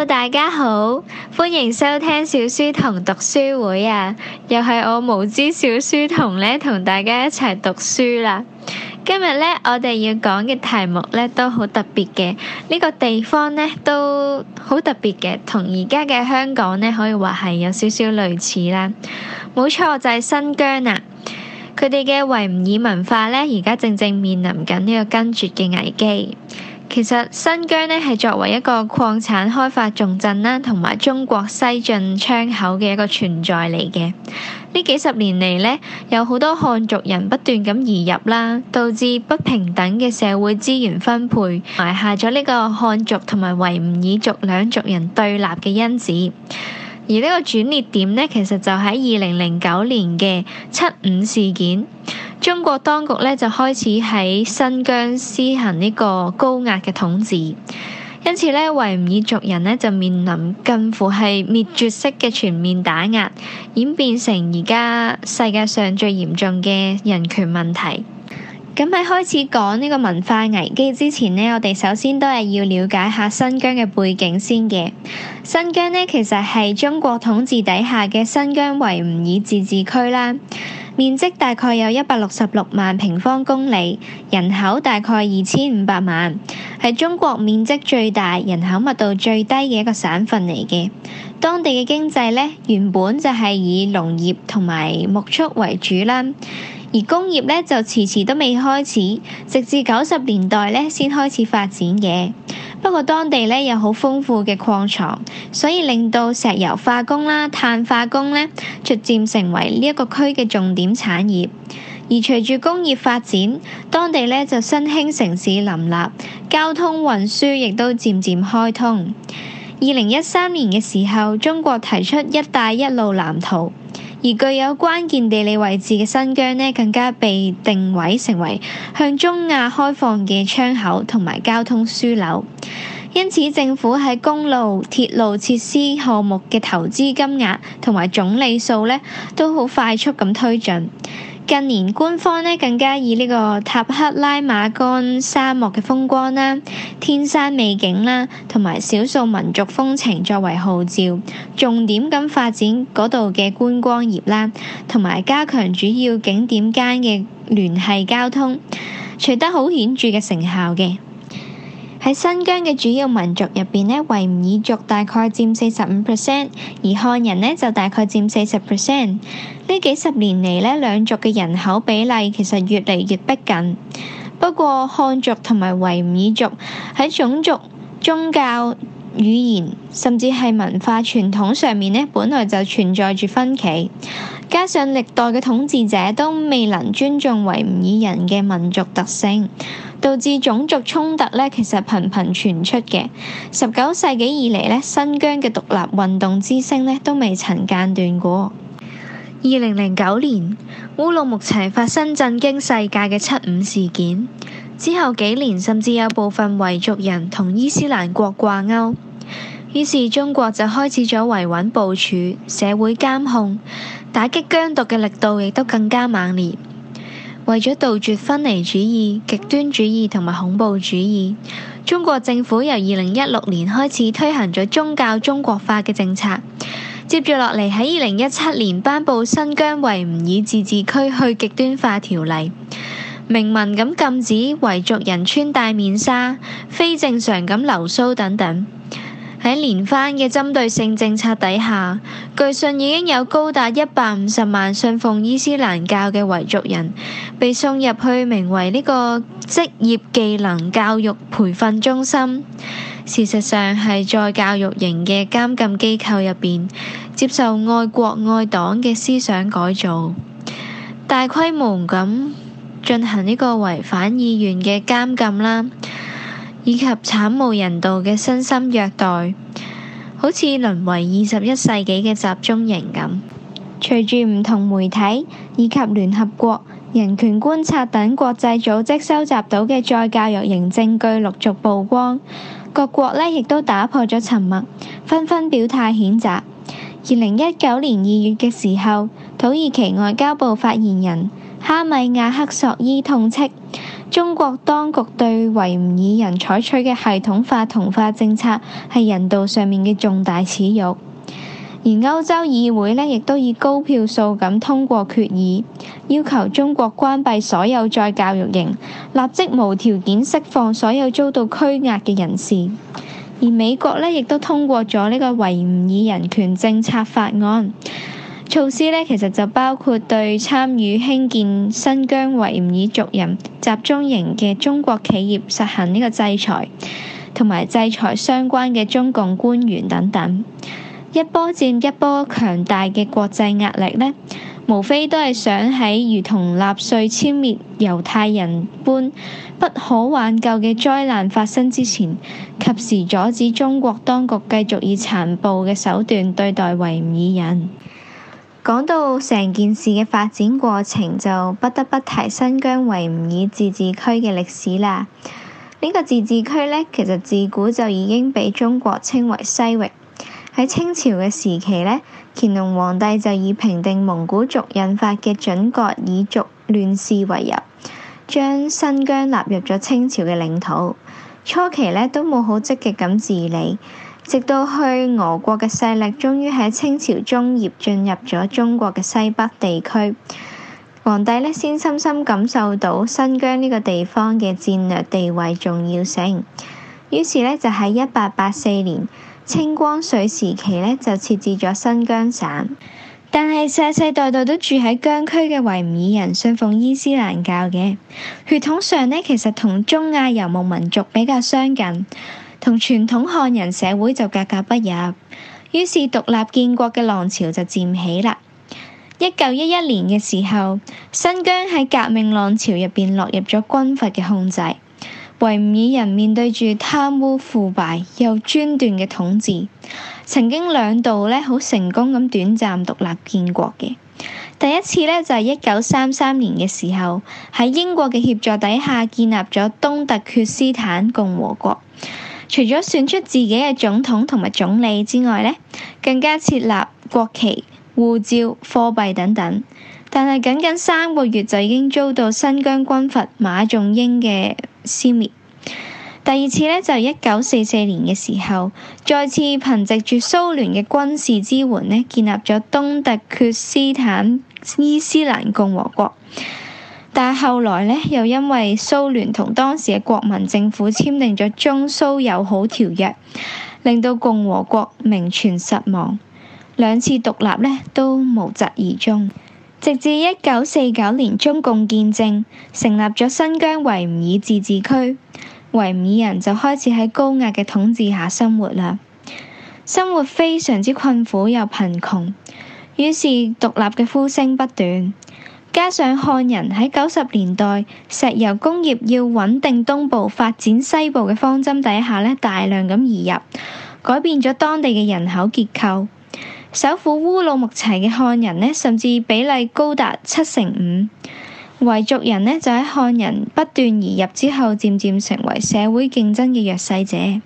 Hello，大家好，歡迎收聽小書童讀書會啊！又係我無知小書童呢，同大家一齊讀書啦。今日呢，我哋要講嘅題目呢都好特別嘅。呢、這個地方呢都好特別嘅，同而家嘅香港呢可以話係有少少類似啦。冇錯，就係、是、新疆啊！佢哋嘅維吾爾文化呢，而家正正面臨緊呢個根絕嘅危機。其實新疆呢係作為一個礦產開發重鎮啦，同埋中國西進窗口嘅一個存在嚟嘅。呢幾十年嚟呢，有好多漢族人不斷咁移入啦，導致不平等嘅社會資源分配，埋下咗呢個漢族同埋維吾爾族兩族人對立嘅因子。而呢個轉捩點呢，其實就喺二零零九年嘅七五事件。中國當局咧就開始喺新疆施行呢個高壓嘅統治，因此咧維吾爾族人呢，就面臨近乎係滅絕式嘅全面打壓，演變成而家世界上最嚴重嘅人權問題。咁喺開始講呢個文化危機之前呢，我哋首先都係要了解下新疆嘅背景先嘅。新疆呢，其實係中國統治底下嘅新疆維吾爾自治區啦。面積大概有一百六十六萬平方公里，人口大概二千五百萬，係中國面積最大、人口密度最低嘅一個省份嚟嘅。當地嘅經濟呢，原本就係以農業同埋牧畜為主啦，而工業呢，就遲遲都未開始，直至九十年代呢，先開始發展嘅。不過當地咧有好豐富嘅礦藏，所以令到石油化工啦、碳化工咧，逐漸成為呢一個區嘅重點產業。而隨住工業發展，當地咧就新興城市林立，交通運輸亦都漸漸開通。二零一三年嘅時候，中國提出「一帶一路」藍圖，而具有關鍵地理位置嘅新疆呢，更加被定位成為向中亞開放嘅窗口同埋交通樞紐。因此，政府喺公路、鐵路設施項目嘅投資金額同埋總里數呢，都好快速咁推進。近年官方呢，更加以呢個塔克拉瑪干沙漠嘅風光啦、天山美景啦，同埋少數民族風情作為號召，重點咁發展嗰度嘅觀光業啦，同埋加強主要景點間嘅聯繫交通，取得好顯著嘅成效嘅。喺新疆嘅主要民族入邊咧，維吾爾族大概佔四十五 percent，而漢人咧就大概佔四十 percent。呢幾十年嚟咧，兩族嘅人口比例其實越嚟越逼近。不過漢族同埋維吾爾族喺種族、宗教、語言，甚至係文化傳統上面咧，本來就存在住分歧。加上歷代嘅統治者都未能尊重維吾爾人嘅民族特性，導致種族衝突呢，其實頻頻傳出嘅。十九世紀以嚟呢，新疆嘅獨立運動之聲呢都未曾間斷過。二零零九年，烏魯木齊發生震驚世界嘅七五事件，之後幾年甚至有部分維族人同伊斯蘭國掛鈎，於是中國就開始咗維穩部署、社會監控。打擊疆獨嘅力度亦都更加猛烈，為咗杜絕分離主義、極端主義同埋恐怖主義，中國政府由二零一六年開始推行咗宗教中國化嘅政策。接住落嚟喺二零一七年頒布《新疆維吾爾自治區去極端化條例》，明文咁禁止維族人穿戴面紗、非正常咁留須等等。喺連番嘅針對性政策底下，據信已經有高達一百五十萬信奉伊斯蘭教嘅維族人被送入去名為呢、這個職業技能教育培訓中心，事實上係再教育營嘅監禁機構入邊接受愛國愛黨嘅思想改造，大規模咁進行呢個違反意願嘅監禁啦，以及慘無人道嘅身心虐待，好似淪為二十一世紀嘅集中營咁。隨住唔同媒體，以及聯合國、人權觀察等國際組織收集到嘅再教育營證據陸續曝光，各國呢亦都打破咗沉默，紛紛表態譴責。二零一九年二月嘅時候，土耳其外交部發言人哈米亞克索伊痛斥。中國當局對維吾爾人採取嘅系統化同化政策係人道上面嘅重大恥辱，而歐洲議會呢，亦都以高票數噉通過決議，要求中國關閉所有再教育營，立即無條件釋放所有遭到拘押嘅人士，而美國呢，亦都通過咗呢個維吾爾人權政策法案。措施呢，其實就包括對參與興建新疆維吾爾族人集中營嘅中國企業實行呢個制裁，同埋制裁相關嘅中共官員等等。一波接一波強大嘅國際壓力呢，無非都係想喺如同納粹殲滅猶太人般不可挽救嘅災難發生之前，及時阻止中國當局繼續以殘暴嘅手段對待維吾爾人。講到成件事嘅發展過程，就不得不提新疆維吾爾自治區嘅歷史啦。呢、這個自治區呢，其實自古就已經被中國稱為西域。喺清朝嘅時期呢，乾隆皇帝就以平定蒙古族引發嘅準噶爾族亂事為由，將新疆納入咗清朝嘅領土。初期呢，都冇好積極咁治理。直到去俄國嘅勢力，終於喺清朝中葉進入咗中國嘅西北地區，皇帝呢先深深感受到新疆呢個地方嘅戰略地位重要性。於是呢，就喺一八八四年，清光緒時期呢，就設置咗新疆省。但係世世代代都住喺疆區嘅維吾爾人，信奉伊斯蘭教嘅血統上呢，其實同中亞遊牧民族比較相近。同傳統漢人社會就格格不入，於是獨立建國嘅浪潮就漸起啦。一九一一年嘅時候，新疆喺革命浪潮入邊落入咗軍閥嘅控制。維吾爾人面對住貪污腐敗又專斷嘅統治，曾經兩度呢好成功咁短暫獨立建國嘅。第一次呢，就係一九三三年嘅時候喺英國嘅協助底下建立咗東突厥斯坦共和國。除咗選出自己嘅總統同埋總理之外，呢更加設立國旗、護照、貨幣等等。但係僅僅三個月就已經遭到新疆軍閥馬仲英嘅消滅，滅。第二次呢，就係一九四四年嘅時候，再次憑藉住蘇聯嘅軍事支援呢建立咗東突厥斯坦伊斯蘭共和國。但係後來呢，又因為蘇聯同當時嘅國民政府簽訂咗中蘇友好條約，令到共和國名存實亡。兩次獨立呢，都無疾而終。直至一九四九年中共建政，成立咗新疆維吾爾自治區，維吾爾人就開始喺高壓嘅統治下生活啦。生活非常之困苦又貧窮，於是獨立嘅呼聲不斷。加上漢人喺九十年代石油工業要穩定東部發展西部嘅方針底下咧，大量咁移入，改變咗當地嘅人口結構。首府烏魯木齊嘅漢人咧，甚至比例高達七成五。維族人咧就喺漢人不斷移入之後，漸漸成為社會競爭嘅弱勢者，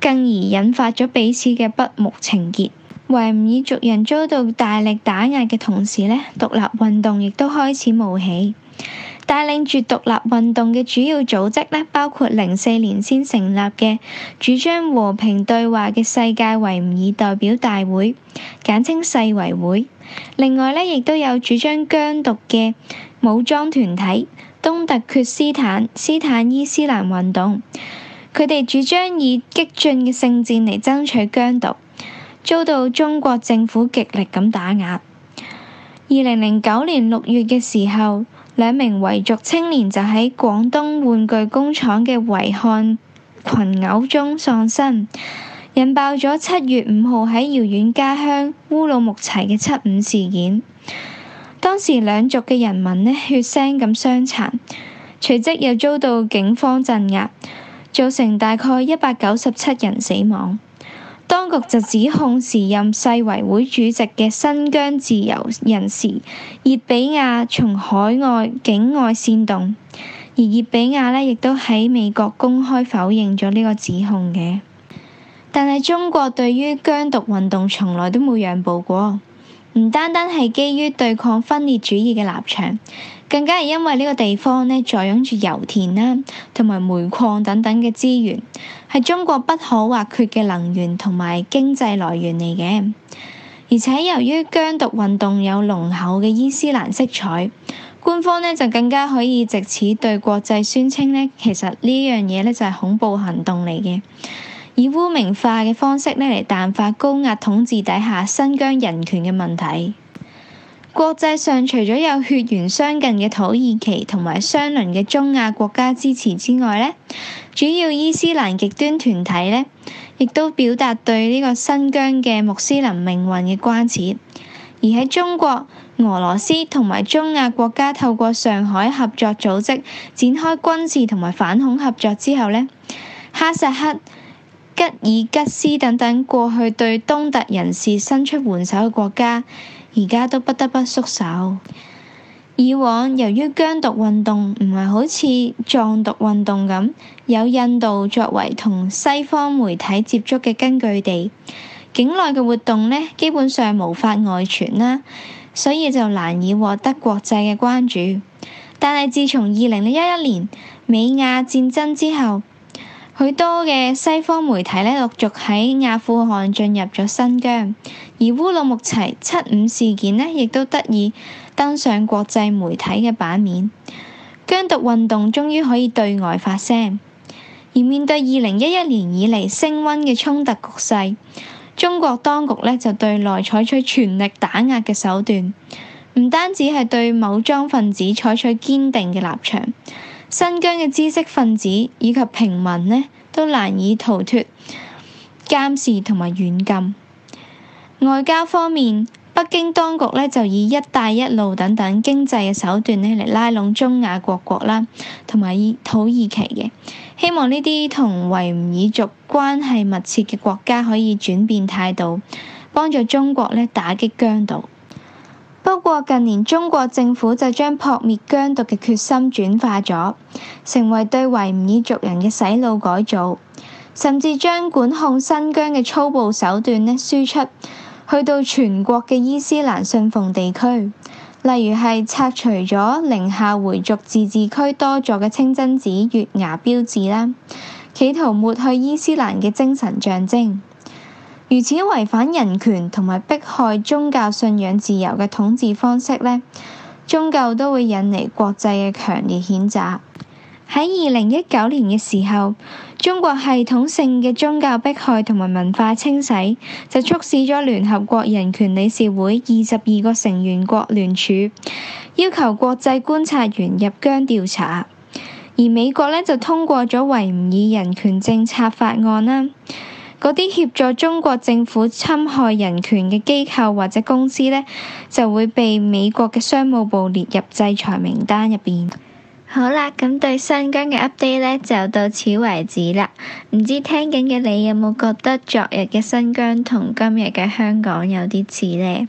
更而引發咗彼此嘅不睦情結。維吾爾族人遭到大力打壓嘅同時咧，獨立運動亦都開始冒起。帶領住獨立運動嘅主要組織咧，包括零四年先成立嘅主張和平對話嘅世界維吾爾代表大會，簡稱世維會。另外咧，亦都有主張疆獨嘅武裝團體東突厥斯坦斯坦伊斯蘭運動，佢哋主張以激進嘅聖戰嚟爭取疆獨遭到中國政府極力咁打壓。二零零九年六月嘅時候，兩名維族青年就喺廣東玩具工廠嘅維漢群毆中喪生，引爆咗七月五號喺遙遠家鄉烏魯木齊嘅七五事件。當時兩族嘅人民咧，血腥咁傷殘，隨即又遭到警方鎮壓，造成大概一百九十七人死亡。當局就指控時任世維會主席嘅新疆自由人士熱比婭從海外境外煽動，而熱比婭呢亦都喺美國公開否認咗呢個指控嘅。但係中國對於疆獨運動從來都冇讓步過，唔單單係基於對抗分裂主義嘅立場。更加係因為呢個地方呢，坐擁住油田啦，同埋煤礦等等嘅資源，係中國不可或缺嘅能源同埋經濟來源嚟嘅。而且由於疆獨運動有濃厚嘅伊斯蘭色彩，官方呢就更加可以借此對國際宣稱呢，其實呢樣嘢呢，就係恐怖行動嚟嘅，以污名化嘅方式呢，嚟淡化高壓統治底下新疆人權嘅問題。國際上除咗有血緣相近嘅土耳其同埋相鄰嘅中亞國家支持之外，呢主要伊斯蘭極端團體呢，亦都表達對呢個新疆嘅穆斯林命運嘅關切。而喺中國、俄羅斯同埋中亞國家透過上海合作組織展開軍事同埋反恐合作之後呢，哈薩克、吉爾吉斯等等過去對東突人士伸出援手嘅國家。而家都不得不縮手。以往由於疆獨運動唔係好似藏獨運動咁，有印度作為同西方媒體接觸嘅根據地，境內嘅活動咧基本上無法外傳啦，所以就難以獲得國際嘅關注。但係自從二零一一年美亞戰爭之後，許多嘅西方媒體呢，陸續喺阿富汗進入咗新疆，而烏魯木齊七五事件呢，亦都得以登上國際媒體嘅版面。疆獨運動終於可以對外發聲，而面對二零一一年以嚟升温嘅衝突局勢，中國當局呢，就對內採取全力打壓嘅手段，唔單止係對武裝分子採取堅定嘅立場。新疆嘅知識分子以及平民呢，都難以逃脱監視同埋軟禁。外交方面，北京當局呢，就以一帶一路等等經濟嘅手段呢，嚟拉攏中亞各國啦，同埋土耳其嘅，希望呢啲同維吾爾族關係密切嘅國家可以轉變態度，幫助中國呢，打擊疆獨。不過近年，中國政府就將撲滅疆獨嘅決心轉化咗成為對維吾爾族人嘅洗腦改造，甚至將管控新疆嘅粗暴手段咧輸出去到全國嘅伊斯蘭信奉地區，例如係拆除咗寧夏回族自治區多座嘅清真寺月牙標誌啦，企圖抹去伊斯蘭嘅精神象徵。如此違反人權同埋迫害宗教信仰自由嘅統治方式呢，宗教都會引嚟國際嘅強烈譴責。喺二零一九年嘅時候，中國系統性嘅宗教迫害同埋文化清洗就促使咗聯合國人權理事會二十二個成員國聯署，要求國際觀察員入疆調查。而美國呢，就通過咗《維吾爾人權政策法案》啦。嗰啲協助中國政府侵害人權嘅機構或者公司呢，就會被美國嘅商務部列入制裁名單入邊。好啦，咁對新疆嘅 update 呢，就到此為止啦。唔知聽緊嘅你有冇覺得昨日嘅新疆同今日嘅香港有啲似呢？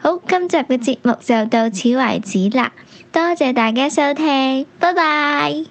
好，今集嘅節目就到此為止啦。多謝大家收聽，拜拜。